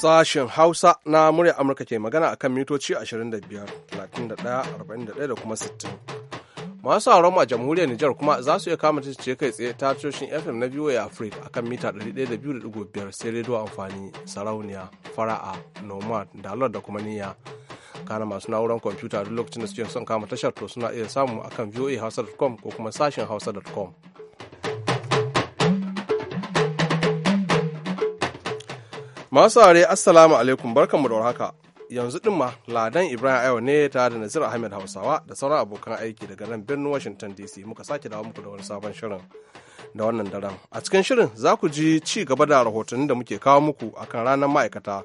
sashen hausa na murya amurka ke magana a kan mitoci 25 31 da kuma 60 masu sauran a jamhuriyar nijar kuma za su iya kama ce kai tsaye ta tashoshin fm na voa africa a kan mita 102.5 sai rediyo amfani sarauniya fara'a nomad dalar da kuma niyya kana masu na'urar kwamfuta duk lokacin da suke son kama tashar to suna iya samu akan voa hausa.com ko kuma sashen hausa.com Masu saurare Assalamu alaikum barkanmu da haka Yanzu din ma Ladan Ibrahim Ayo ne tare da Nazir Ahmed Hausawa da sauran abokan aiki daga nan birnin Washington DC muka sake dawo muku da wani sabon shirin da wannan daren. A cikin shirin za ku ji ci gaba da rahotannin da muke kawo muku akan ranar ma'aikata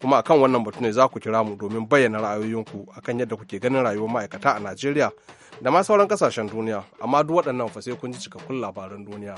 kuma akan wannan batu ne za ku kira mu domin bayyana ra'ayoyinku akan yadda kuke ganin rayuwar ma'aikata a Najeriya da ma sauran kasashen duniya amma duk waɗannan fa sai kun ji cikakkun labaran duniya.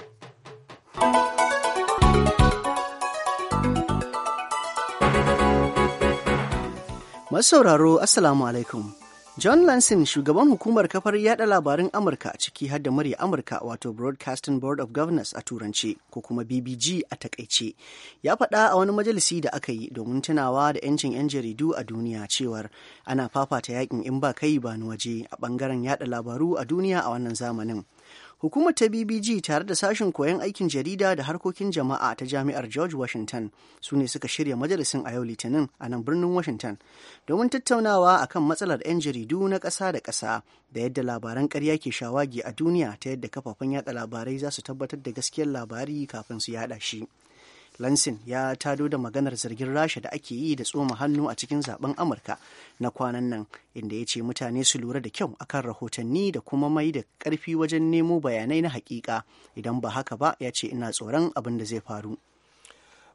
sauraro Assalamu alaikum. John Lansing shugaban hukumar kafar yada labarin Amurka ciki har da murya Amurka wato Broadcasting Board of Governors a turance ko kuma BBG a takaice ya faɗa a wani majalisi da aka yi domin tunawa da 'yancin 'yan jaridu a duniya cewar ana fafata yakin in ba kai ba ni waje a ɓangaren yada labaru a duniya a wannan zamanin. Hukumar ta BBG tare da sashen koyon aikin jarida da harkokin jama'a ta jami'ar George Washington su ne suka shirya majalisin a yau Litinin a nan birnin Washington domin tattaunawa akan matsalar 'yan jaridu na ƙasa da ƙasa da yadda labaran ƙarya ke shawagi a duniya ta yadda kafafen yada labarai za su tabbatar da gaskiyar labari kafin su yada shi. Lansin ya tado da maganar zargin Rasha da ake yi da tsoma hannu a cikin zaben Amurka na kwanan nan inda ya ce mutane su lura da kyau akan rahotanni da kuma mai da karfi wajen nemo bayanai na hakika idan ba haka ba ya ce ina tsoron abin da zai faru.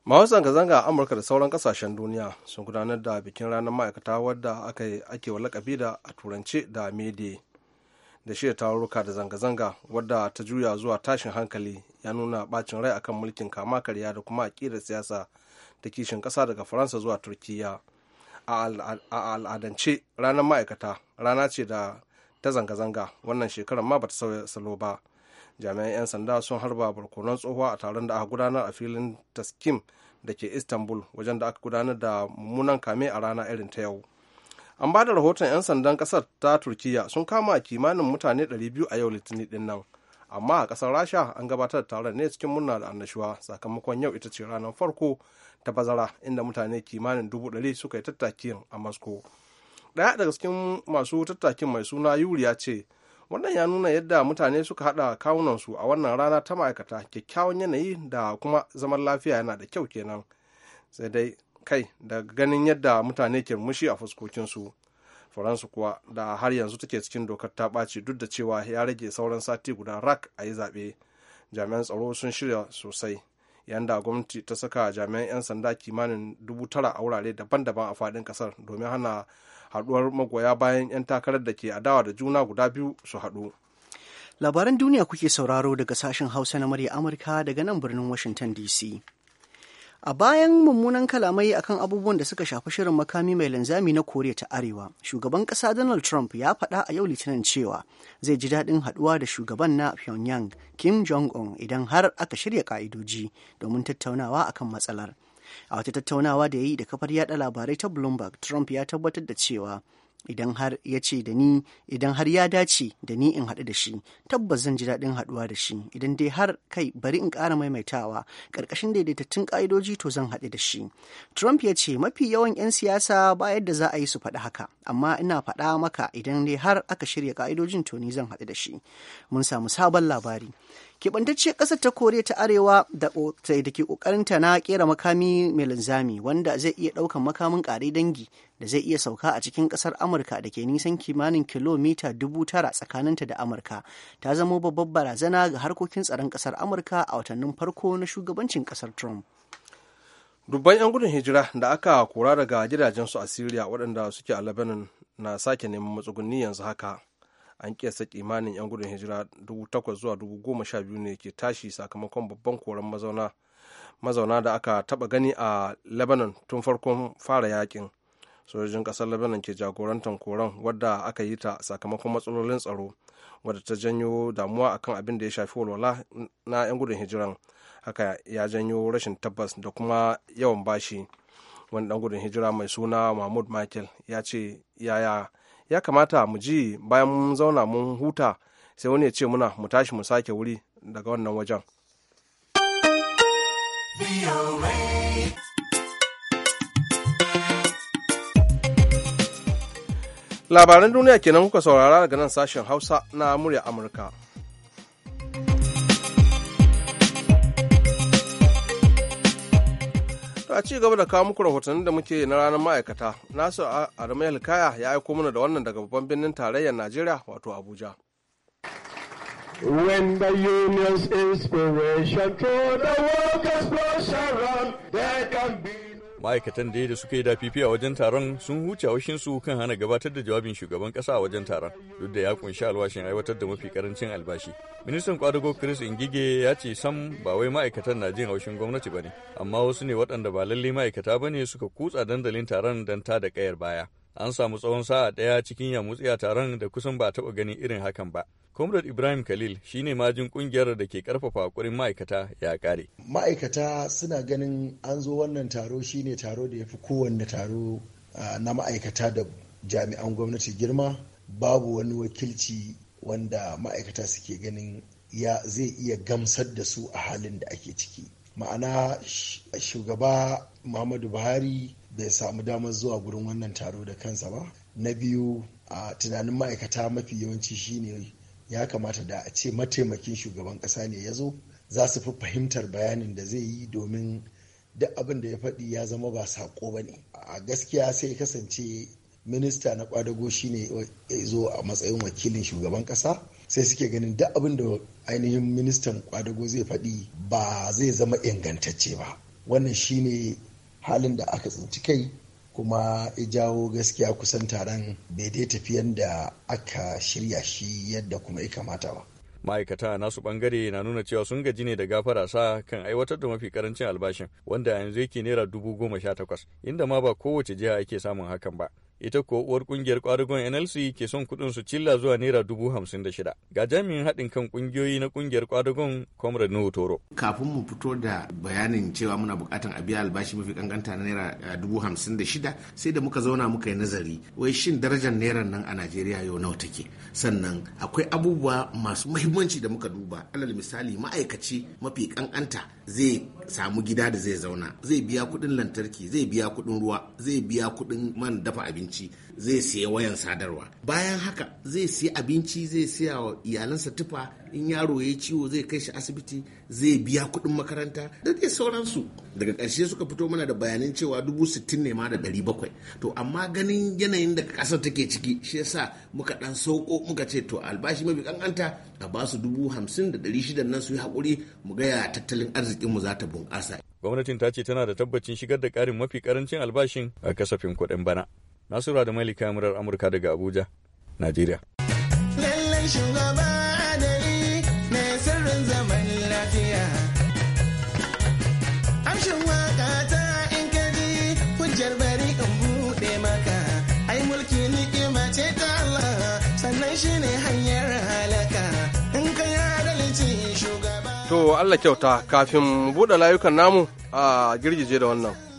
Masu zanga-zanga a Amurka da sauran kasashen duniya sun gudanar da bikin ranar ma'aikata wadda ake wa lakabi da a turance da May da shirya tarurruka da zanga-zanga wadda ta juya zuwa tashin hankali ya nuna bacin rai akan mulkin kama karya da kuma aƙidar siyasa da kishin ƙasa daga faransa zuwa turkiyya a al'adance ranar ma'aikata rana ce da ta zanga-zanga wannan shekarar ma bata sauya salo ba jami'an 'yan sanda sun harba barkonon tsohuwa a taron da aka gudanar a filin taskim da ke istanbul wajen da aka gudanar da mummunan kame a rana irin ta yau an ba da rahoton 'yan sandan kasar ta turkiya sun kama kimanin mutane 200 a yau litinin din nan amma a kasar rasha an gabatar da taron ne cikin murna da annashuwa sakamakon yau ita ce ranar farko ta bazara inda mutane kimanin 100 suka yi tattakin a moscow daya daga cikin masu tattakin mai suna yuriya ce wannan ya nuna yadda mutane suka haɗa kawunansu a wannan rana ta ma'aikata kyakkyawan yanayi da kuma zaman lafiya yana da kyau kenan sai dai kai daga ganin yadda mutane ke murmushi a fuskokinsu faransa kuwa da har yanzu take cikin dokar ta ɓaci duk da cewa ya rage sauran sati guda rak a yi zaɓe jami'an tsaro sun shirya sosai yanda gwamnati ta saka jami'an 'yan sanda kimanin dubu tara a wurare daban-daban a faɗin ƙasar domin hana haɗuwar magoya bayan 'yan takarar da ke adawa da juna guda biyu su haɗu labaran duniya kuke sauraro daga sashen hausa na murya amurka daga nan birnin washington dc A bayan mummunan kalamai akan abubuwan da suka shafi shirin makami mai linzami na Koriya ta Arewa, shugaban ƙasa Donald Trump ya faɗa a yau Litinin cewa zai ji daɗin haɗuwa da shugaban na Pyongyang Kim Jong-un idan har aka shirya ƙa'idoji domin tattaunawa akan matsalar. A wata tattaunawa da ya yi da kafar yada labarai ta Bloomberg, Trump ya tabbatar da cewa idan har ya ce da ni idan har ya dace da ni in haɗu da shi tabbas zan ji daɗin haɗuwa da shi idan dai har kai bari in ƙara maimaitawa ƙarƙashin daidaitattun ƙa'idoji to zan haɗu da shi trump ya ce mafi yawan 'yan siyasa ba yadda za a yi su faɗi haka amma ina faɗa maka idan dai har aka shirya ƙa'idojin to ni zan haɗu da shi mun samu sabon labari keɓantacce ƙasar ta kore ta arewa da ke ta na ƙera makami mai linzami wanda zai iya ɗaukan makamin ƙare dangi da zai iya sauka a cikin ƙasar amurka da ke nisan kimanin kilomita dubu tara tsakaninta da amurka ta zama babbar barazana ga harkokin tsaron ƙasar amurka a watannin farko na shugabancin ƙasar trump dubban 'yan gudun hijira da aka kora daga gidajensu a syria waɗanda suke a lebanon na sake neman matsugunni yanzu haka an kiyasta kimanin 'yan gudun hijira 8,000 zuwa dubu goma sha biyu ne ke tashi sakamakon babban koren mazauna mazauna da aka taba gani a lebanon tun farkon fara yakin sojojin kasar lebanon ke jagorantar koren wadda aka yi ta sakamakon matsalolin tsaro wadda ta janyo damuwa akan abin da ya shafi walwala na 'yan gudun hijiran haka ya janyo rashin tabbas da kuma yawan bashi wani dan gudun hijira mai suna mahmud michael ya ce yaya ya kamata mu ji bayan mun zauna mun huta sai wani ya ce muna mu tashi mu sake wuri daga wannan wajen labaran duniya kenan kuka saurara daga nan sashen hausa na murya amurka a ci gaba da kawo muku rahotanni da muke na ranar ma'aikata, Nasu Adamu Kaya ya aiko mana da wannan daga babban birnin tarayyar Najeriya wato Abuja. When the union's inspiration to the workers' rush around, there can be ma'aikatan da da suka yi dafifi a wajen taron sun huce su kan hana gabatar da jawabin shugaban kasa a wajen taron duk da ya kunshi alwashin aiwatar da mafi karancin albashi ministan kwadago chris ingige ya ce sam ba wai ma'aikatan na jin haushin gwamnati ba ne amma wasu ne waɗanda ba lallai ma'aikata ba ne suka kutsa dandalin taron don ta da kayar baya an samu tsawon sa'a ɗaya cikin yamutsi a taron da kusan ba taɓa ganin irin hakan ba. Comrade Ibrahim Khalil shine majin kungiyar da ke karfafa hakurin ma'aikata ya kare. Ma'aikata suna ganin an zo wannan taro shine taro da ya fi kowanne taro na ma'aikata da jami'an gwamnati girma babu wani wakilci wanda ma'aikata suke ganin ya zai iya gamsar da su a halin da ake ciki. Ma'ana shugaba Muhammadu Buhari bai samu damar zuwa gurin wannan taro da kansa ba na biyu a tunanin ma'aikata mafi yawanci shine ya kamata da a ce mataimakin shugaban ƙasa ne ya zo za su fi fahimtar bayanin da zai yi domin duk abin da ya faɗi ya zama ba saƙo ba ne a gaskiya sai ya kasance minista na kwadago shine ya zo a matsayin wakilin shugaban ƙasa sai suke ganin duk abin da ainihin ministan kwadago zai faɗi ba zai zama ingantacce ba wannan shine halin da aka tsinci kai kuma ya jawo gaskiya kusan taron bai dai tafi yadda aka shirya shi yadda kuma ya kamata ba. ma'aikata nasu bangare na nuna cewa sun gaji ne da gafara sa kan aiwatar da mafi karancin albashin wanda yanzu yake naira dubu goma sha takwas inda ma ba kowace jiha ake samun hakan ba ita ko uwar kungiyar kwadugon NLC ke son kudin su cilla zuwa naira dubu hamsin da shida. Ga jami'in haɗin kan kungiyoyi na kungiyar kwadugon Comrade Nuhu Toro. Kafin mu fito da bayanin cewa muna bukatan a biya albashi mafi kankanta na naira eh, dubu hamsin da shida sai da muka zauna muka yi nazari wai shin darajar naira nan a Najeriya yau nawa take sannan akwai abubuwa masu muhimmanci da muka duba alal misali ma'aikaci mafi kankanta zai samu gida da zai zauna zai biya kudin lantarki zai biya kudin ruwa zai biya kudin man dafa abinci zai siya wayan sadarwa bayan haka zai siya abinci zai siya wa iyalansa tufa in yaro ya ciwo zai kai shi asibiti zai biya kuɗin makaranta da dai sauransu daga ƙarshe suka fito mana da bayanin cewa dubu sittin ne ma da ɗari bakwai to amma ganin yanayin da ƙasar take ciki shi yasa muka ɗan sauko muka ce to albashi mafi ƙanƙanta a basu dubu hamsin da ɗari shidan nan su yi haƙuri mu gaya tattalin arzikinmu za ta bunƙasa gwamnatin ta ce tana da tabbacin shigar da ƙarin mafi ƙarancin albashin a kasafin kuɗin bana Nasura da Malika murar Amurka daga Abuja, Najeriya. Lallai shugaba adali mai sirrin zaman lafiya. Amshin waka ta in kaji hujjar bari in buɗe maka. Ai mulki ni'ima ce ta Allah sannan shi ne hanyar halaka. In ka yi adalci shugaba. To Allah kyauta kafin buɗe layukan namu a girgije da wannan.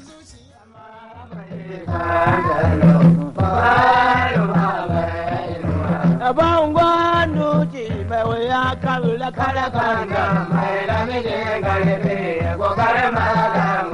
bangon duki mai wuya kabila kare kanga mai lamijin garbe kokarin magana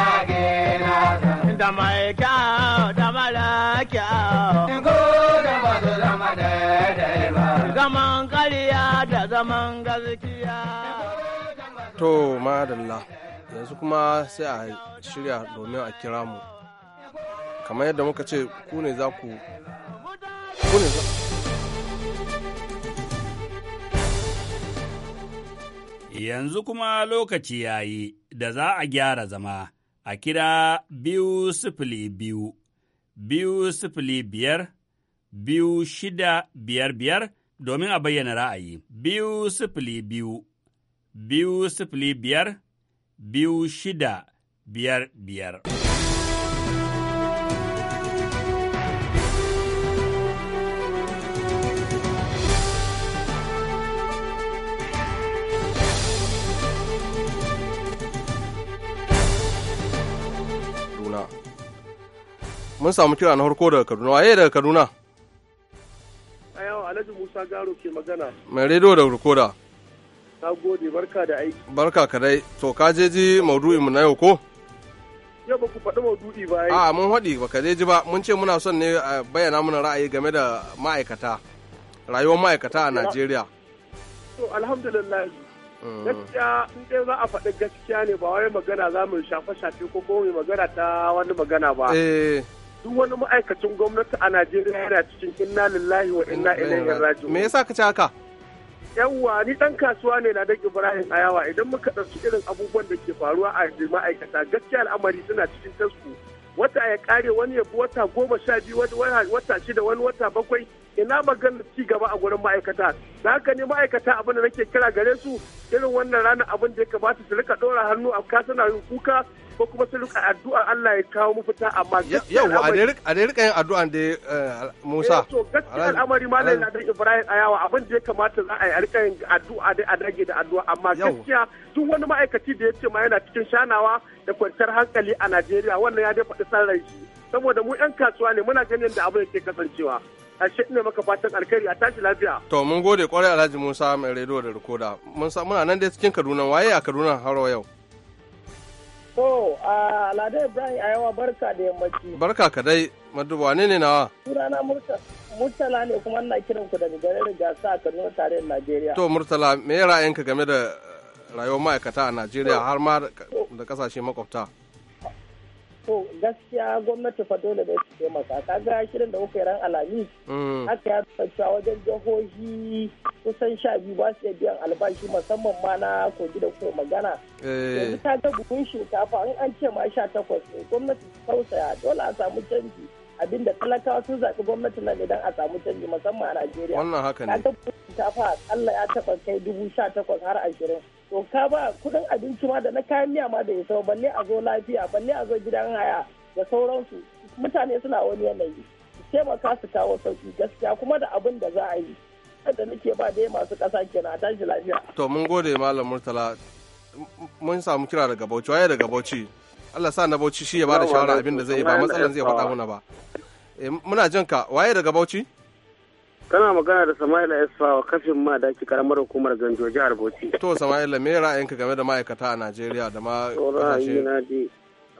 To madalla yanzu kuma sai a shirya domin a kira mu. Kamar yadda muka ce ku ne za ku Yanzu kuma lokaci ya yi da za a gyara zama a kira biyu sifili biyu, biyu sifili biyar, biyu shida biyar biyar domin a bayyana ra'ayi, biyu sifili biyu. biyu sifili biyar biyu shida biyar biyar. Mun samu kira na harko daga Kaduna, waye daga Kaduna? Ayawa Alhaji Musa Garo ke magana. Mai rediyo da rikoda. Na gode barka da aiki. Barka ka dai. To ka je ji maudu'in mu na yau ko? Yau ba ku faɗi maudu'i ba yi. A mun haɗi ba ka je ji ba. Mun ce muna son ne bayyana mana ra'ayi game da ma'aikata. Rayuwar ma'aikata a Najeriya. To alhamdulillah. Mm. Gaskiya in dai za a faɗi gaskiya ne ba wai magana za mu shafe-shafe ko ko mai magana ta wani magana ba. Eh. duk wani ma'aikacin gwamnati a Najeriya yana cikin inna lillahi wa inna eh, ilaihi eh. raji'un. Me yasa ka ci haka? yawwa ni dan kasuwa ne na dan ibrahim ayawa idan muka ɗauki irin abubuwan da ke faruwa a ma'aikata gaskiya al'amari suna cikin tasku wata ya kare wani ya bi wata goma sha biyu wata shida wani wata bakwai ina maganar ci gaba a gurin ma'aikata da haka ne ma'aikata abin da nake kira gare su irin wannan ranar abin da ya kamata su rika ɗora hannu a kasana yin kuka ko kuma su rika addu'a Allah ya kawo mafita amma yau a dai rika yin addu'an da eh, Musa eh, to gaskiya al'amari malam Ibrahim Ayawa abin da ya kamata za a yi a rika yin addu'a dai a dage da addu'a amma gaskiya duk wani ma'aikaci da ya ce ma yana cikin shanawa da kwanciyar hankali a Najeriya wannan ya dai faɗi san saboda mu 'yan kasuwa ne muna ganin da abin da ke kasancewa ashe ina maka fatan alkhairi a tashi lafiya to mun gode kwarai Alhaji Musa mai rediyo da rikoda mun sa muna nan dai cikin Kaduna waye a Kaduna har yau To, a Alade Ibrahim a yawa barka da yammaci. Barka ka dai, Maduba ne ne nawa? na Murtala ne kuma ina kiran ku daga garin Gasa a Kaduna da Najeriya. To, Murtala, me ra'ayinka game da rayuwar ma'aikata a Najeriya har ma da kasashe makwabta? to gaskiya gwamnati fa dole ne su taimaka Ka ga shirin da kuka yi ran alami mm. haka ya cewa wajen jihohi kusan sha biyu ba su biyan albashi musamman ma na kogi da kuma magana eh. yanzu ta ga buhun shinkafa in an ce ma sha takwas gwamnati tausaya dole a samu canji abinda talakawa sun zaɓi gwamnati nan idan a samu canji musamman a najeriya wannan haka ne ta shinkafa ya taɓa kai dubu sha takwas har ashirin to ka ba kudin abinci ma da na kayan miya ma da ya sama balle a zo lafiya balle a zo gidan haya da sauransu mutane suna wani yanayi ma taimaka su kawo sauki gaskiya kuma da abin da za a yi da nake ba dai masu ƙasa kenan a tashi lafiya. to mun gode malam murtala mun samu kira daga bauchi waye daga bauchi Allah sa na bauchi shi ya bada shawara abin da zai yi ba matsalan zai faɗa eh, muna ba muna jinka waye daga bauchi kana magana da Sama'ila wa kafin ma da ke karamar hukumar Ganjo jihar Bauchi. To Sama'ila me ra'ayinka game da ma'aikata a Najeriya da ma kasashe?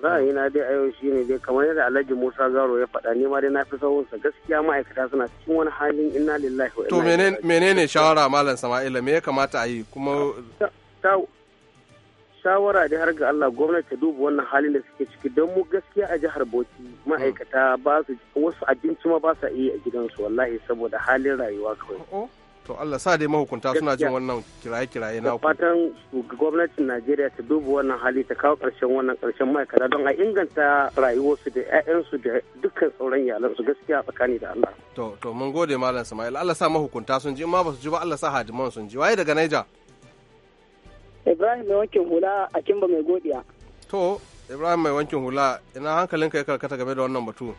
Ra'ayina dai a yau shine dai kamar yadda Alhaji Musa zaro ya faɗa ne ma dai na fi sauran sa gaskiya ma'aikata suna cikin wani halin inna lillahi wa To menene shawara Malam Sama'ila me ya kamata a yi kuma shawara da har ga Allah gwamnati ta duba wannan halin da suke ciki don mu gaskiya a jihar Bauchi ma'aikata ba su wasu abinci ma ba sa iya a gidansu wallahi saboda halin rayuwa kawai. Oh, oh. To Allah sa dai mahukunta suna jin wannan kiraye-kiraye na fatan gwamnatin Najeriya ta duba wannan hali ta kawo karshen wannan karshen ma'aikata don a inganta rayuwarsu da 'ya'yansu da dukkan sauran su gaskiya tsakani da Allah. To to mun gode Malam Sama'il Allah sa mahukunta sun ji in ma ba su ji ba Allah sa hadiman sun ji waye daga Niger. Ibrahim mai wankin hula a Kimba mai godiya. To, Ibrahim mai wankin hula, ina hankalinka ya karkata game da wannan batu?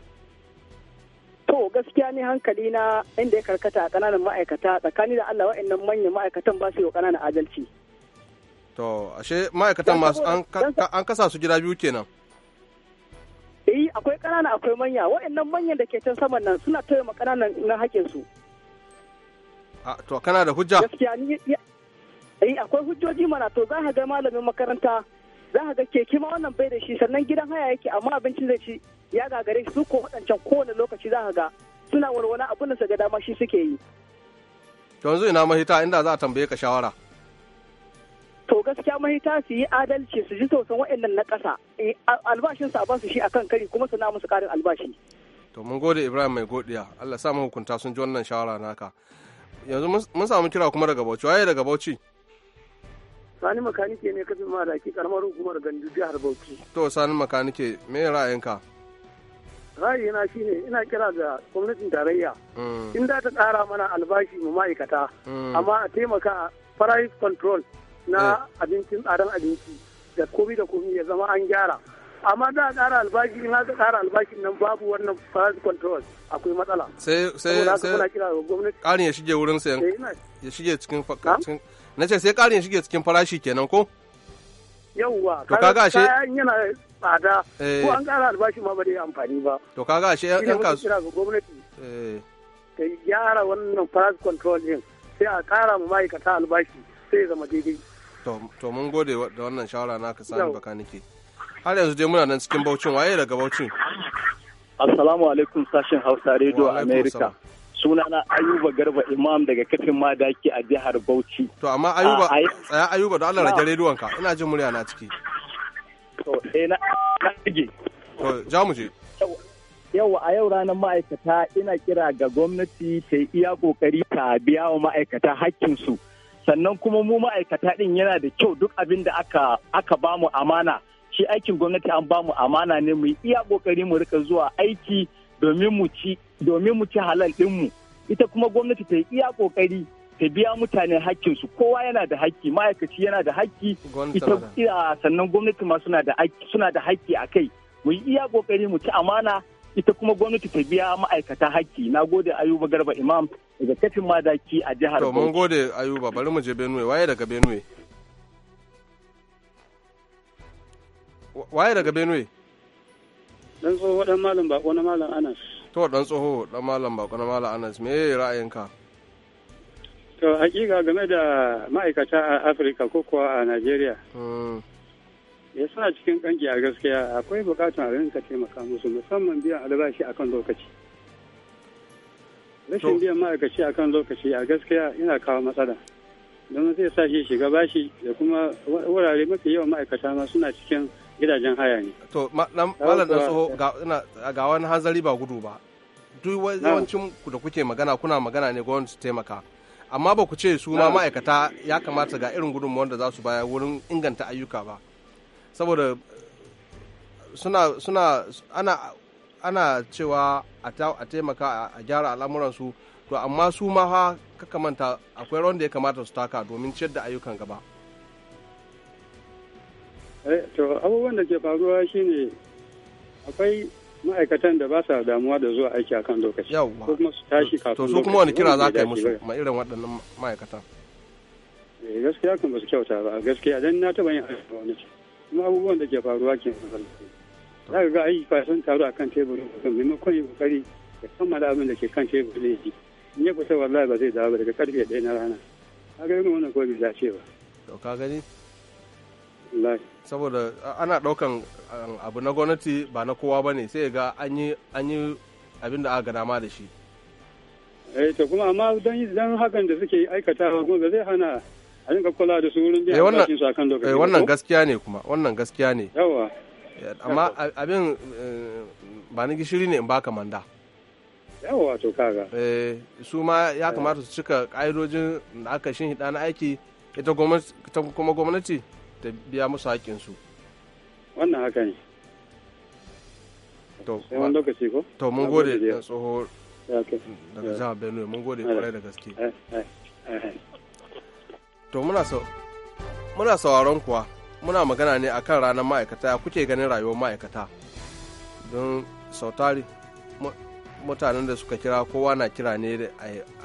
To, gaskiya ne hankali na inda ya karkata a ƙananan ma'aikata tsakani da Allah wa'annan manyan ma'aikatan ba su yi wa ƙananan adalci. To, ashe ma'aikatan masu an kasa su gida biyu kenan. Eh, akwai ƙanana akwai manya, wa'annan manyan da ke can saman nan suna taimaka ƙananan na haƙinsu. to kana da hujja? Gaskiya ni eh akwai hujjoji mana to za ka ga malamin makaranta za ka ga keke ma wannan bai da shi sannan gidan haya yake amma abincin zai ci ya gagare su ko waɗancan kowane lokaci za ka ga suna walwala abin da su ga dama shi suke yi yanzu ina mahita inda za a tambaye ka shawara to gaskiya mahita su yi adalci su ji tausan waɗannan na ƙasa eh, su a basu shi akan kari kuma su na musu ƙarin albashi to mun gode ibrahim mai godiya allah sa hukunta sun ji wannan shawara naka yanzu mun samu kira kuma daga bauchi waye daga bauchi sani makanike ne kafin ma da ke karamar hukumar gandu jihar bauchi to sani makanike me ra'ayinka ra'ayina shine ina kira ga gwamnatin tarayya mm. in da ta tsara mana albashi mu ma'aikata mm. amma a taimaka price control na eh. abincin tsadan abinci da komi da komi ya zama an gyara amma da tsara albashi in za tsara albashi nan babu wannan price control akwai matsala sai sai sai ƙarin ya shige wurin sayan eh, ya shige cikin na ce sai ƙarin shige cikin farashi kenan ko yawwa to kaga ashe yana tsada ko eh. an ƙara albashi ma ba dai amfani ba to kaga ashe yan kasu kira ga gwamnati eh ta gyara wannan price control din sai a ƙara ma ma'aikata albashi sai zama daidai to mun gode da wannan shawara naka sani baka nake har yanzu dai muna nan cikin baucin waye daga baucin assalamu alaikum sashen hausa radio america sunana ayuba garba imam daga kafin madaki a jihar bauchi to amma ayuba ah, tsaya ayuba don allah rage rediyon ka ina jin murya na ciki to eh na rage to ja mu je yau a yau ranar ma'aikata ina kira ga gwamnati ta iya kokari ta biya wa ma'aikata hakkinsu sannan kuma mu ma'aikata din yana da kyau duk abin da aka aka bamu amana shi aikin gwamnati an bamu amana ne mu iya kokari mu rika zuwa aiki domin mu ci domin mu halal ita kuma gwamnati ta yi iya ƙoƙari ta biya mutane hakkinsu kowa yana da hakki ma'aikaci yana da hakki ita sannan gwamnati ma suna da haƙƙi hakki a kai mu yi iya ƙoƙari mu ci amana ita kuma gwamnati ta biya ma'aikata hakki na gode ayuba garba imam daga kafin madaki a jihar to mun gode ayuba bari mu je benue waye daga benue waye daga benue dan tsoho dan malam bako na malam anas to dan tsoho dan malam bako na malam anas me ra'ayinka to hakika game da ma'aikata a afirka ko kuwa a nigeria hmm. ya suna cikin kanki a gaskiya akwai bukatun a rinka taimaka musu musamman biyan albashi akan lokaci rashin biyan ma'aikaci akan lokaci a gaskiya yana kawo matsala don zai sa shi shiga bashi da kuma wurare mafi yawan ma'aikata ma suna cikin gidajen haya ne to malam da tsoho ga wani hanzari ba gudu ba duk yawancin ku da kuke magana kuna magana ne gwamnati su taimaka amma ba ku ce su ma'aikata ya kamata ga irin gudun wanda za su baya wurin inganta ayyuka ba saboda suna suna ana ana cewa a taimaka a gyara al'amuransu to amma su ma ha kakamanta akwai wanda ya kamata su taka domin ciyar da ayyukan gaba Eh, to abubuwan da ke faruwa shine akwai ma'aikatan da ba sa damuwa da zuwa aiki akan lokaci ko kuma su tashi kafin to su kuma wani kira za ka yi musu ma irin waɗannan eh gaskiya kan ba su kyauta ba gaskiya dan na taba yin aiki wani kuma abubuwan da ke faruwa ke da za ka ga ayyuka sun taru akan teburin mutum maimakon yi kokari da kammala abin da ke kan teburin ne in ya kusa wallahi ba zai dawo ba daga karfe ɗaya na rana ka ga irin wannan ko bai dace ba to ka gani saboda ana daukan abu na gwamnati ba na kowa ba ne sai ga an yi abin da aka dama da shi eh to kuma amma don don hakan da suke aikatawa kuma ba zai hana a dinga kula da su wurin biyan eh, bashin su akan lokaci eh wannan gaskiya ne kuma wannan gaskiya ne yawa eh, amma abin eh, ba ni gishiri ne in baka manda yawa to kaga eh su ma ya kamata su cika ƙa'idojin da aka shin hida na aiki ita kuma gwamnati ta biya musu haƙƙinsu wannan haka ne to wani lokaci ko to mun gode da tsoho daga jihar benue mun gode kwarai da gaske to muna sauraron kuwa muna magana ne akan ranar ma'aikata kuke ganin rayuwar ma'aikata don sautari mutanen da suka kira kowa na kira ne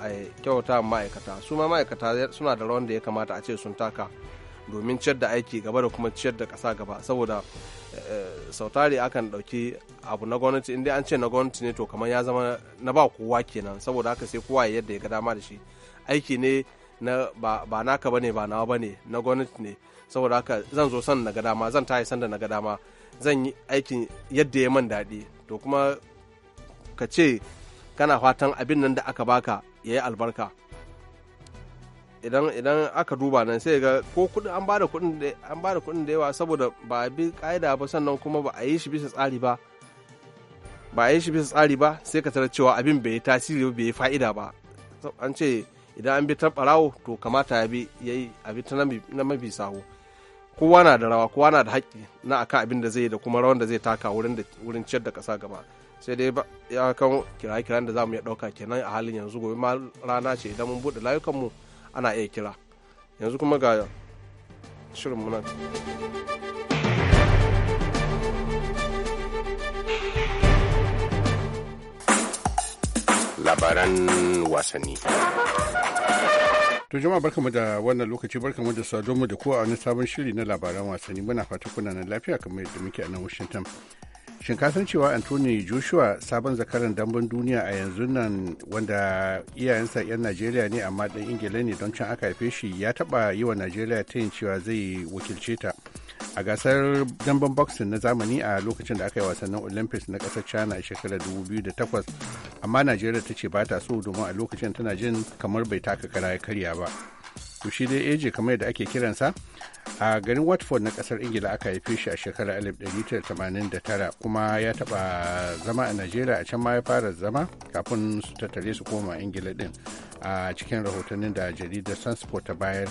a kyauta ma'aikata su ma ma'aikata suna da rawan da ya kamata a ce sun taka domin ciyar da aiki gaba da kuma ciyar da ƙasa gaba saboda eh, sautari akan ɗauki abu na gwamnati inda an ce na gwamnati ne to kamar ya zama na ba kowa kenan saboda haka sai kowa yadda ya ga dama da shi aiki ne na ba naka bane ba nawa bane na gwamnati ne saboda haka zan zo san na ga dama zan tayi san da na ga dama zan yi aikin yadda ya man daɗi to kuma ka ce kana fatan abin nan da aka baka ya yi albarka idan idan aka duba nan sai ga ko kudin an bada kuɗin da an bada kudin da yawa saboda ba bi kaida ba sannan kuma ba a yi shi bisa tsari ba ba a yi shi bisa tsari ba sai ka tarar cewa abin bai yi tasiri ba bai yi fa'ida ba an ce idan an bi ta barawo to kamata ya bi yayi abin ta na mabi sawo kowa na da rawa kowa na da haƙƙi na akan abin da zai yi da kuma rawan da zai taka wurin ciyar da ƙasa gaba sai dai ya kan kira-kiran da za mu iya ɗauka kenan a halin yanzu gobe ma rana ce idan mun buɗe layukanmu ana iya kira yanzu kuma ga shirin munan labaran wasanni To jama'a barkamu da wannan lokaci barkamu da saduwa da kowa a wani sabon shiri na labaran wasanni muna fata kuna nan lafiya kamar yadda muke a nan Washington. shin ka san cewa anthony joshua sabon zakaran damben duniya a yanzu nan wanda iyayensa 'yan najeriya ne amma dan ingila ne don can aka haife shi ya taba yi wa najeriya ta yin cewa zai wakilce ta a gasar damben boxing na zamani a lokacin da aka yi wasannin olympics na kasar china a shekarar 2008 amma najeriya ta ce ba ta so domin a lokacin tana jin kamar bai taka kara ya karya ba to shi dai eje kamar yadda ake kiransa a garin watford na kasar ingila aka haife shi a shekarar 1989 kuma ya taba zama a najeriya a can ma ya fara zama kafin su tattare su koma ingila din a cikin rahotannin da jaridar sunsport ta bayar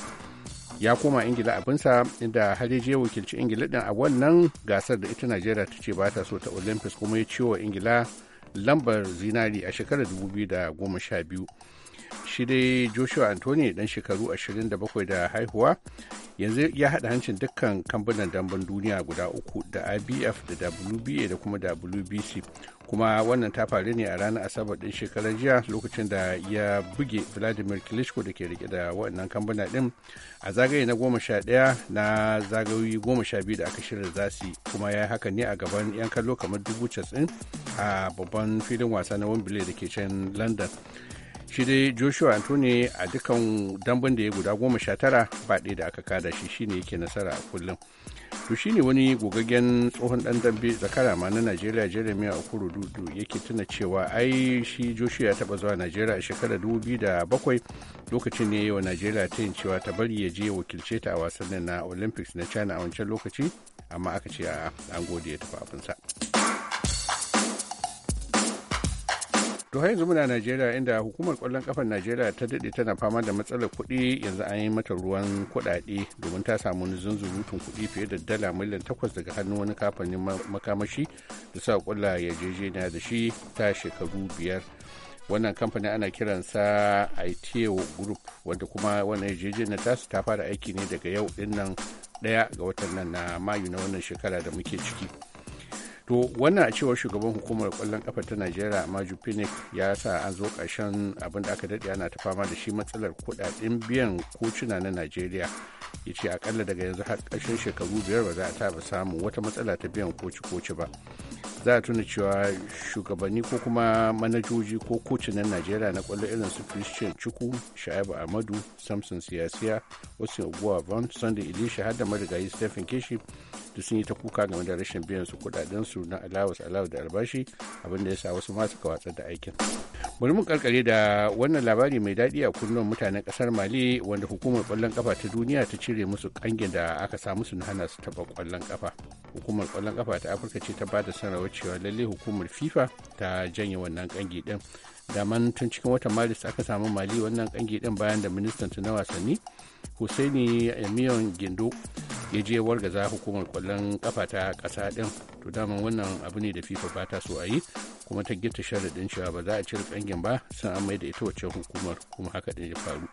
ya koma ingila abinsa inda har ya wakilci ingila din a wannan gasar da ita najeriya ta ce ba ta so ta olympics kuma ya ciwo ingila lambar zinari a shekarar 2012 shi dai joshua anthony dan shekaru 27 da haihuwa yanzu ya haɗa hancin dukkan kambunan damben duniya guda uku da ibf da wba da kuma wbc kuma wannan ta faru ne a ranar asabar ɗin shekarar jiya lokacin da ya buge vladimir klitschko da ke rike da wannan kambuna din a zagaye na goma sha ɗaya na zagayoyi goma sha biyu da aka shirya za su kuma ya yi haka ne a gaban yan kallo kamar dubu casin a babban filin wasa na wembley da ke can london shi dai joshua antoni a dukan damben da ya guda goma sha tara ba ɗaya da aka kada shi shine yake nasara a kullum to shine wani gogaggen tsohon dan dambe zakara ma na najeriya jeremiah okoro dudu yake tuna cewa ai shi joshua ya taba zuwa najeriya a shekarar 2007 lokacin ne wa najeriya ta yin cewa ta bari ya je wakilce ta a wasannin na olympics na china a wancan lokaci amma aka ce a an gode ya tafi abinsa. to har yanzu muna najeriya inda hukumar kwallon kafar najeriya ta daɗe tana fama da matsalar kuɗi yanzu an yi mata ruwan kuɗaɗe domin ta samu wani zunzurutun kuɗi fiye da dala miliyan takwas daga hannun wani kafanin makamashi da sa kulla yarjejeniya da shi ta shekaru biyar wannan kamfanin ana kiransa iteo group wanda kuma wannan yarjejeniyar tasu ta fara aiki ne daga yau dinnan ɗaya ga watan nan na mayu na wannan shekara da muke ciki. to wannan a cewar shugaban hukumar kwallon kafa ta najeriya maju phoenix ya sa an zo ƙarshen abin da aka daɗe ana ta fama da shi matsalar kuɗaɗen biyan kocina na najeriya ya ce akalla daga yanzu har ƙarshen shekaru biyar ba za a taɓa samun wata matsala ta biyan koci koci ba za a tuna cewa shugabanni ko kuma manajoji ko kocinan najeriya na kwallo irin su christian chuku shaibu amadu samson siyasiya wasu oguwa van sunday elisha har da marigayi stephen kishi da sun yi ta kuka game da rashin biyan su kudaden su na alawas alawas da albashi abin da ya sa wasu masu kawatsar da aikin bari mu karkare da wannan labari mai daɗi a kullum mutanen ƙasar mali wanda hukumar kwallon kafa ta duniya ta cire musu kangin da aka sa musu na hana su taɓa kwallon kafa hukumar kwallon kafa ta afirka ce ta ba da sanarwar cewa lalle hukumar fifa ta janye wannan kangi din daman tun cikin watan maris aka samu mali wannan kangi din bayan da ministan na wasanni husaini emiyon gindo ya je wargaza hukumar kwallon kafa ta kasa din to daman wannan abu ne da fifa ba ta so a yi kuma ta gita sharaɗin cewa ba za a cire kangin ba sun an mai da ita wacce hukumar kuma haka din ya faru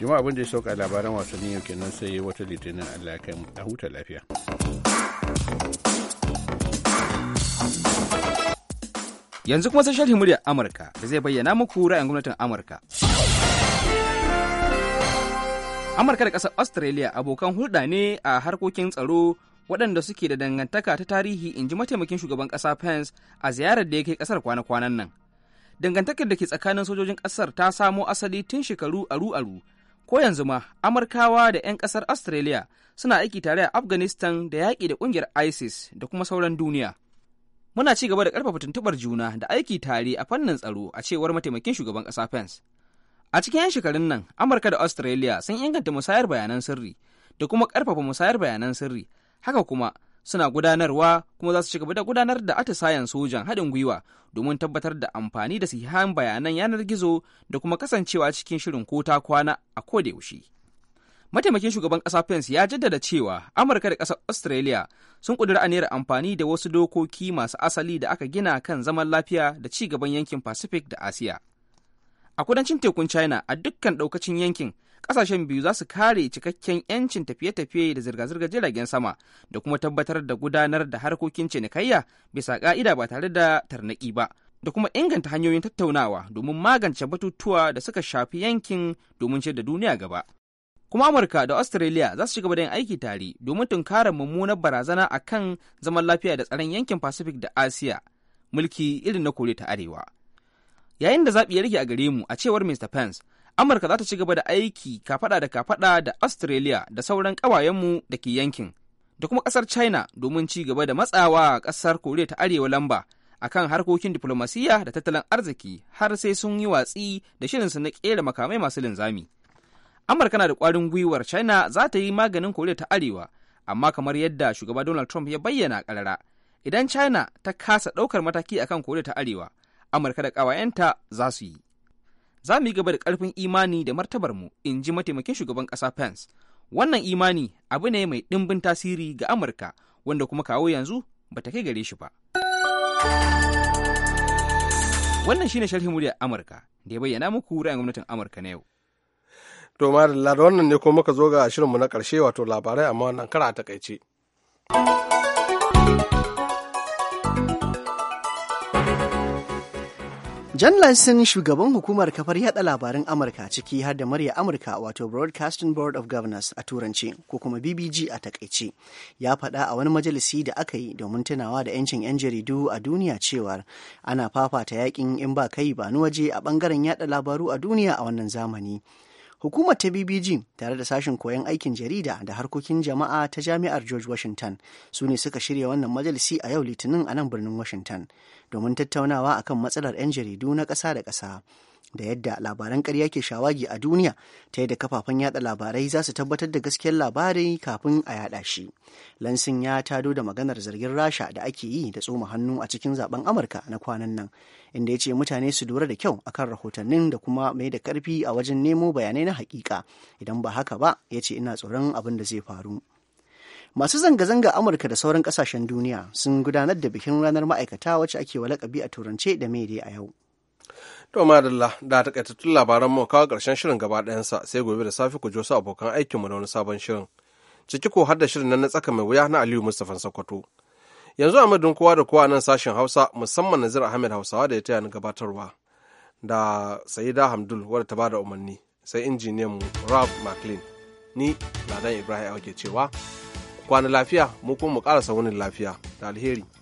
jama'a abin da ya sauka labaran wasanni yau kenan sai wata litinin allah kai a huta lafiya Yanzu kuma sai sharhi muryar Amurka da zai bayyana muku ra'ayin gwamnatin Amurka. Amurka da ƙasar Australia abokan hulɗa ne a harkokin tsaro waɗanda suke da dangantaka ta tarihi in ji mataimakin shugaban ƙasa Pence a ziyarar da ya kai ƙasar kwana-kwanan nan. Dangantakar da ke tsakanin sojojin ƙasar ta samo asali tun shekaru aru-aru. Ko yanzu ma, Amurkawa da 'yan ƙasar Australia suna aiki tare a Afghanistan da yaƙi da ƙungiyar ISIS da kuma sauran duniya. Muna ci gaba da ƙarfafa tuntuɓar juna da aiki tare a fannin tsaro a cewar mataimakin shugaban ƙasa Pence. A cikin 'yan shekarun nan, Amurka da Australia sun inganta musayar bayanan sirri da kuma karfafa musayar bayanan sirri. Haka kuma, suna gudanarwa kuma za su ci gaba da gudanar da atisayen sojan haɗin gwiwa domin tabbatar da amfani da sahihan bayanan yanar gizo da kuma kasancewa cikin shirin ko ta kwana a koda yaushe. mataimakin shugaban ƙasa pence ya jaddada cewa amurka da ƙasar australia sun ƙudiri aniyar amfani da wasu dokoki masu asali da aka gina kan zaman lafiya da ci gaban yankin pacific da asiya a kudancin tekun china a dukkan ɗaukacin yankin ƙasashen biyu za su kare cikakken 'yancin tafiye-tafiye da zirga-zirgar jiragen sama da kuma tabbatar da gudanar da harkokin cinikayya bisa ƙa'ida ba tare da tarnaƙi ba da kuma inganta hanyoyin tattaunawa domin magance batutuwa da suka shafi yankin domin ciyar da duniya gaba kuma amurka da australia za su ci gaba da yin aiki tare domin tunkarar mummunar barazana a kan zaman lafiya da tsaron yankin pacific da asiya mulki irin na kore ta arewa yayin da zaɓi ya rage a gare mu a cewar mr pence amurka za ta ci gaba da aiki kafaɗa da kafaɗa da australia da sauran ƙawayenmu da ke yankin da kuma ƙasar china domin ci gaba da matsawa a ƙasar koriya ta arewa lamba akan harkokin diflomasiyya da tattalin arziki har sai sun yi watsi da shirinsu na ƙera makamai masu linzami. amurka na da kwarin gwiwar china za ta yi maganin koriya ta arewa amma kamar yadda shugaba donald trump ya bayyana karara idan china ta kasa ɗaukar mataki akan koriya ta arewa amurka da ƙawayenta za su yi za mu yi gaba da ƙarfin imani da martabar mu in ji mataimakin shugaban ƙasa pence wannan imani abu ne mai ɗimbin tasiri ga amurka wanda kuma kawo yanzu ba ta kai gare shi ba wannan shine sharhin muryar amurka da ya bayyana muku ra'ayin gwamnatin amurka na yau To Marilla da wannan ne ko muka zo ga shirinmu na ƙarshe wato labarai amma wannan kara a takaice. Jan Lanson shugaban hukumar kafar yada labarin Amurka ciki har da murya Amurka wato Broadcasting Board of Governors a turanci ko kuma BBG a takaice ya faɗa a wani majalisi da aka yi domin tunawa da 'yancin 'yan jaridu a duniya cewar ana fafata yakin in ba kai ba ni waje a bangaren yada labaru a duniya a wannan zamani. Hukumar ta BBG tare da sashen koyon aikin jarida da harkokin jama'a ta Jami'ar George Washington su ne suka shirya wannan majalisi a yau Litinin a nan birnin Washington domin tattaunawa akan matsalar 'yan jaridu na ƙasa da ƙasa. da yadda labaran karya ke shawagi a duniya ta yadda kafafen yada labarai za su tabbatar da gaskiyar labari kafin a yada shi lansin ya tado da maganar zargin rasha da ake yi da tsoma hannu a cikin zaben amurka na kwanan nan inda ya ce mutane su dora da kyau akan rahotannin da kuma mai da karfi a wajen nemo bayanai na hakika idan ba haka ba ya ce ina tsoron abin da zai faru masu zanga-zanga amurka da sauran kasashen duniya sun gudanar da bikin ranar ma'aikata wacce ake walakabi a turance da mede a yau To madalla da takaitattun labaran mu kawo ƙarshen shirin gaba ɗayansa sai gobe da safe ku jo su abokan aikinmu da wani sabon shirin. Ciki ko har da shirin nan na tsaka mai wuya na Aliyu Mustafa Sokoto. Yanzu a madun kowa da kowa nan sashen Hausa musamman Nazir Ahmed Hausawa da ya taya ni gabatarwa da Saida Hamdul wadda ta bada umarni sai injiniyan mu Rob McLean ni Ladan Ibrahim Auke cewa kwana lafiya mu kuma mu ƙarasa wani lafiya da alheri.